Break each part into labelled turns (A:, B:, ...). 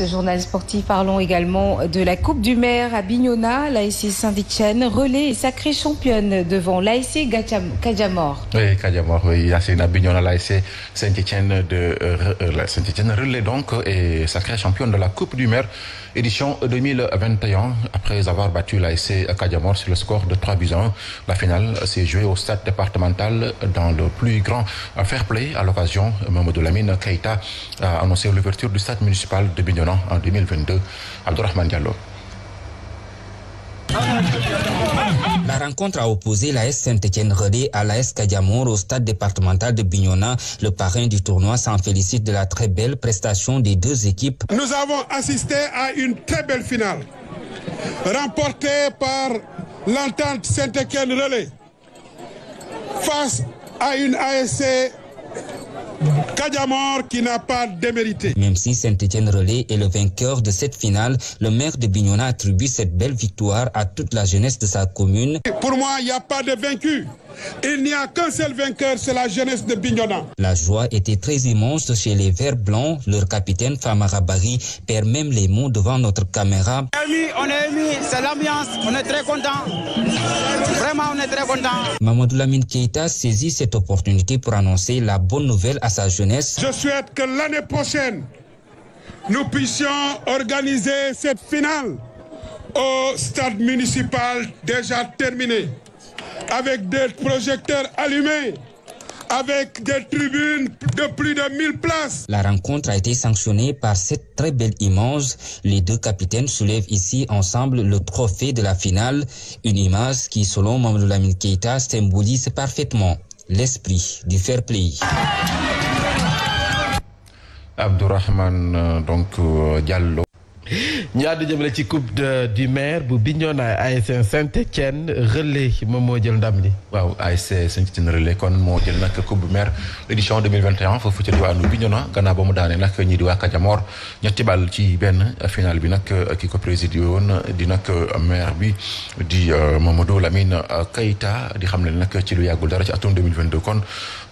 A: Ce journal sportif, parlons également de la Coupe du Maire à Bignona. L'ASC Saint-Etienne relais et sacrée championne devant l'ASC Kadjamor.
B: Oui, Kadjamor, oui, à Bignona, l'ASC Saint-Etienne de euh, euh, Saint-Etienne relais donc et sacrée championne de la Coupe du Maire édition 2021. Après avoir battu l'ASC Kadjamor sur le score de 3 buts 1, la finale s'est jouée au stade départemental dans le plus grand fair play. À l'occasion, Mamadou Lamine Keita a annoncé l'ouverture du stade municipal de Bignona en 2022. Abdourahman Diallo.
A: La rencontre a opposé la S Saint-Etienne Relais à la S au stade départemental de Bignona. Le parrain du tournoi s'en félicite de la très belle prestation des deux équipes. Nous
C: avons assisté à une très belle finale, remportée par l'entente Saint-Etienne Relais face à une ASC
A: qui n'a pas démérité. Même si saint etienne Relais est le vainqueur de cette finale, le maire de Bignona attribue cette belle victoire à toute la jeunesse de sa commune.
C: Pour moi, il n'y a pas de vaincu. Il n'y a qu'un seul vainqueur, c'est la jeunesse de
A: Bignona. La joie était très immense chez les Verts Blancs. Leur capitaine Famara perd même les mots devant notre caméra.
C: on est émis, c'est l'ambiance, on est très content. Vraiment, on est très content.
A: Mamadou Lamine Keita saisit cette opportunité pour annoncer la bonne nouvelle à sa jeunesse. Je souhaite que l'année prochaine, nous puissions
C: organiser cette finale au stade municipal déjà terminé avec des projecteurs allumés, avec
A: des tribunes de plus de 1000 places. La rencontre a été sanctionnée par cette très belle image. Les deux capitaines soulèvent ici ensemble le trophée de la finale, une image qui, selon Mamadou Lamine Keita, symbolise parfaitement l'esprit du fair play.
B: Abdurrahman, euh, donc, euh, Diallo. ñu àddu jëmale ci coupe du maire bu ay ASC Saint-Étienne relais moom moo jël ndam li. waaw ASC Saint-Étienne relais kon moo jël nag coupe de maire édition 2021 foofu ci diwaanu Bignona gannaaw ba mu daanee nag ñii di waa Kajamor ñetti bal ci benn final bi nag euh, ki ko présidé woon di nag euh, maire bi di euh, Mamadou Lamine Keita di xam ne nak ci lu yàggul dara ci atum 2022 kon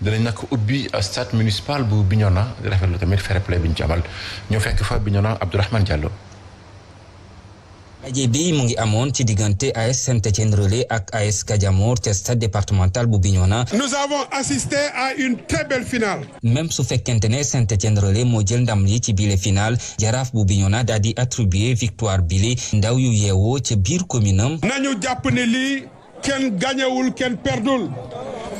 B: dinañ nag ubbi stade municipal bu Bignona rafetlu tamit fair play bi ñu ci amal ñoo fekk fa Bignona Abdourahmane Diallo. aje bi mu ngi amoon ci diggante AS Saint-Étienne
A: Relais ak AS Kadiamor ca stade départemental bu Bignona. nous avons assisté à une très belle finale. même su fekkente ne Saint-Étienne moo jël ndam li ci bile final jaraaf bu Bignona daal di attribuer victoire bile ndaw yu yeewoo ca biir commune nañu jàpp ne lii kenn gañewul kenn perdul.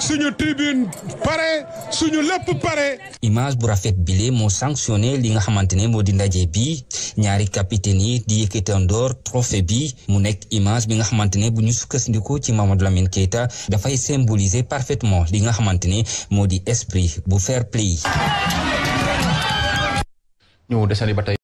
C: suñu tribune pare suñu lepp pare.
A: image bu rafet lé mo sanctionné li nga xamante mo di ndaje bi ñaari capitaine yi di ndor trophée bi mu nek image bi nga xamante bu ñu sukkandikoo ci Mamadou Lamine Keita fay symboliser parfaitement li nga xamante mo di esprit bu fair play. ñu desandi batay